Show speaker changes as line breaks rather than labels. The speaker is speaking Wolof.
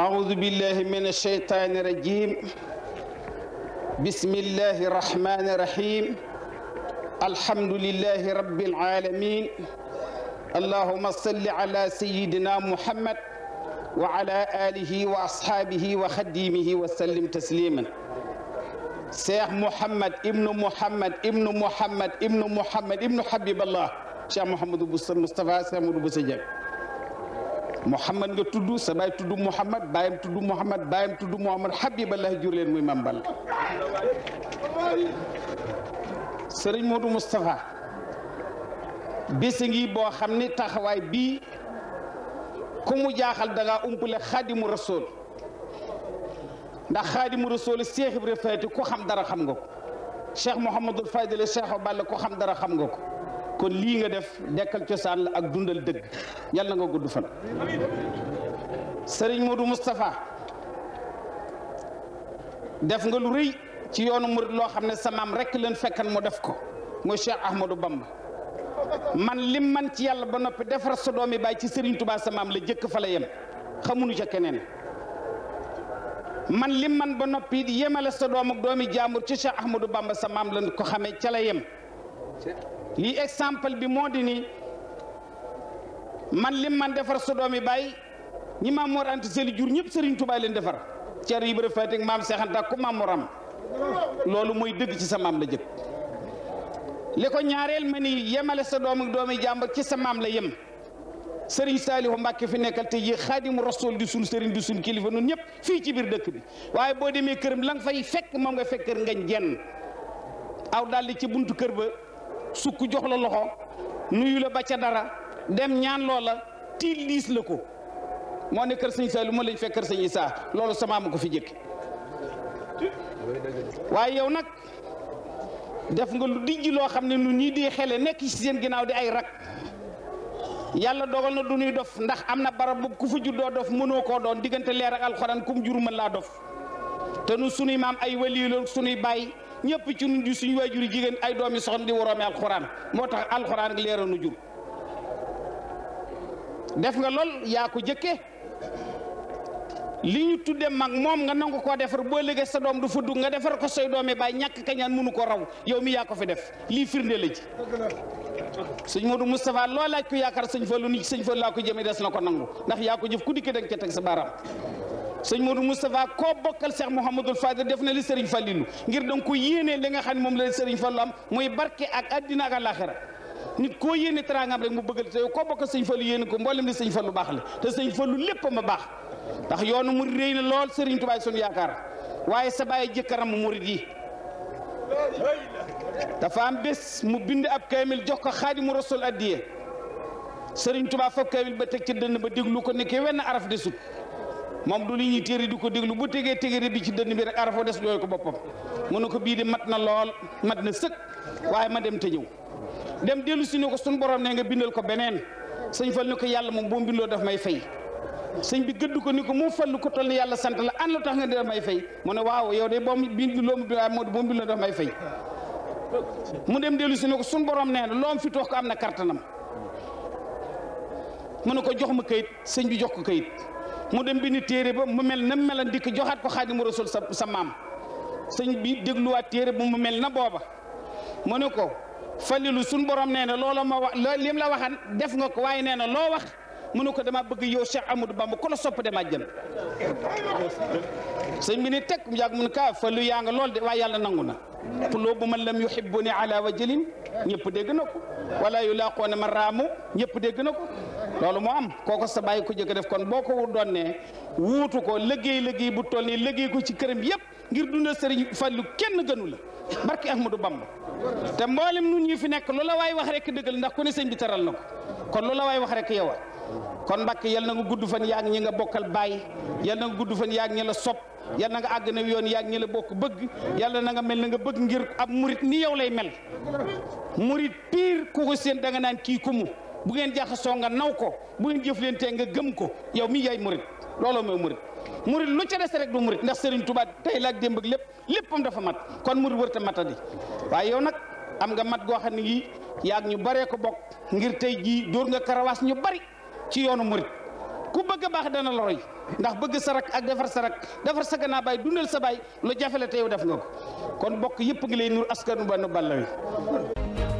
أعوذ بالله من الشيطان الرجيم بسم الله الرحمن الرحيم الحمد لله رب العالمين اللهم صل على سيدنا محمد وعلى آله وأصحابه وخديمه وسلم تسليما شيخ محمد ابن محمد ابن محمد ابن محمد ابن حبيب الله شيخ محمد بن مصطفى شيخ محمد بن Mouhamad nga tudd sa baay tudd Mouhamad baayam tudd Mouhamad baayam tudd Mouhamad Habiballah jur leen muy Mame Balla sëriñ Modou Moustapha bési ngi boo xam ni taxawaay bii ku mu jaaxal da ngaa umpale xaadimu rasool ndax xaadimu rasool Cheikh Ibrahima Fati ku xam dara xam nga ko Cheikh Mouhamadul Fadil Cheikh Balla ku xam dara xam nga ko. kon lii nga def dekkal cosaan la ak dundal dëgg yàlla nga gudd fan sëriñ Modou Moustapha def nga lu rëy ci yoonu murit loo xam ne sa maam rekk leen fekkan mu def ko mooy Cheikh Ahmadou Bamba man lim man ci yàlla ba noppi defar sa doomi baay ci sëriñ tubaa sa la jëkk fa la yem xamuñu ca keneen man lim man ba noppi yemale sa doom ak doomi jaambur ci Cheikh Ahmadou Bamba sa maam lañ ko xamee ca la yem lii exemple bi moo di ni man lim man defar sa doomi baay ñi maam Mor Anta jur ñëpp Serigne Touba leen defar Thierno Ibra Faty ak maam Cheikh Anta ku maam Moram loolu mooy dëgg ci sa maam la jëkk li ko ñaareel ma ni yemale sa doom ak doomi jàmbur ci sa maam la yem sëriñ Serigne Saliou Mbacke fi nekkal te yi xaadimu rasul di sun Serigne di sun kilifa nun ñëpp fii ci biir dëkk bi waaye boo demee këram la nga fay fekk moom nga fekk nga ngañ jenn aw daldi ci bunt kër ba. sukk jox la loxo nuyu la ba ca dara dem ñaan loola tiil liis la ko moo ne kër sëñ lu ma lañ fekk kër saa Issa loolu sama ma ko fi jëkk waaye yow nag def nga lu dijj loo xam ne nu ñii di xele nekk si seen ginnaaw di ay rak yàlla dogal na du ñuy dof ndax am na barab bu ku fa juddoo dof mënoo koo doon diggante leer ak alxuraan kum jur mën laa dof te nu sunuy maam ay waliyu sunuy bàyyi ñëpp ci ñun di suñu waajur jigéen ay doomi soxna di woroome alxuraan moo tax alxuraan leeranu jur def nga lool yaa ko jëkke li ñu tudde mag moom nga nangu koo defar boo léegi sa doom du fudd nga defar ko say doom yi baay ñàkk kañaan mënu ko raw yow mi yaa ko fi def lii firnde la ji sëñ Modou Moustapha loo laaj ko yaakaar sëñ Fallou ni sëñ Fallou laa ko jëmee des na ko nangu ndax yaa ko jëf ku dikk danga ca teg sa baaraam sëñ Modou Moustapha koo bokkal Cheikh Mouhamadul Fadil def na li Serigne Fallilou ngir danga ko yéenee li nga xam ne moom la Serigne Fallou am muy barke ak addina ak alaxira nit koo yéene teraangam rek mu bëggal te koo bokkal sëñ yéene ko mboolem li sëñ baax la te sëñ Fallou lépp ma baax ndax yoonu mu réy na lool Serigne Touba sunu yaakaar waaye sa bàyyi jëkkëram murid yi dafa am bés mu bind ab kaamil jox ko xaadimu rasul addiye sëriñ Touba fab kaamil ba teg ci dënn ba déglu ko ne ke wenn araf desut moom du li ñuy téere di ko déglu bu tegee téere bi ci dënn bi rek arafo des jooy ko boppam mu ne ko bii di mat na lool mat na sëkk waaye ma dem te ñëw dem dellu si ne ko suñ borom ne nga bindal ko beneen sëñ fal ni ko yàlla moom boo bindoo daf may fay sëñ bi gëdd ko ni ko moo fal ko toll yàlla sant la an la tax nga fay mu ne waaw yow de boom binduloo mu waaye moo boo bindoo daf may fay mu dem dellu si ko suñ borom nee na loom fi toox ko am na kartanam mu ne ko jox ma kayit sëñ bi jox ko kayit mu dem bi ni téere ba mu mel na melan dikk joxaat ko xaadimu rasul sa sa maam sëñ bi dégluwaat téere ba mu mel na booba mu ne ko falilu suñ borom nee na loola ma wax lim la waxan def nga ko waaye nee na loo wax mu ne ko dama bëgg yow Cheikh Amadou Bamba ku la sopp dem àjjana sëñ bi ni teg mu yàgg mun kaa ah, falu yaa nga lool de waaye yàlla nangu na puloo bu man lam yuhibbuni ala wajalin ñëpp dégg na ko wala yu laaxoona ma raamu ñëpp dégg na ko loolu moo am kooko sa bàyyi ko jëkk def kon boo ko doon ne wuutu ko liggéey liggéey bu toll nii liggéey ko ci këram yépp ngir dundal sëriñ Fallu kenn gënu la ak barki du Bamba te mboolem nun ñu fi nekk lu la waay wax rek dëggal ndax ku ne sëñ bi teral na ko kon lu la waay wax rek yow kon mbàkk yal na nga gudd fan yaa ngi ñi nga bokkal bàyyi yal na nga gudd fan yaa ngi ñi la sopp yal na nga àgg na yoon yaa ngi ñi la bokk bëgg yàlla na mel na nga bëgg ngir ab murit ni yow lay mel murit pire ku da nga naan kii kumu bu ngeen jaxasoo nga naw ko bu ngeen nga gëm ko yow mi yaay murit looloo mooy murit murit lu ca des rek du murit ndax Serigne Touba tey laaj démb ak lépp léppam dafa mat kon murit wër ta matadi waaye yow nag am nga mat goo xam ne yii yaag ñu baree ko bokk ngir tey jii dóor nga karawaas ñu bari ci yoonu murit ku bëgg a baax dana la roy ndax bëgg sarak ak defar sarak defar sa gannaaw baay dundal sa baay lu jafele te def nga ko kon bokk yëpp ngi lay askanu ba nu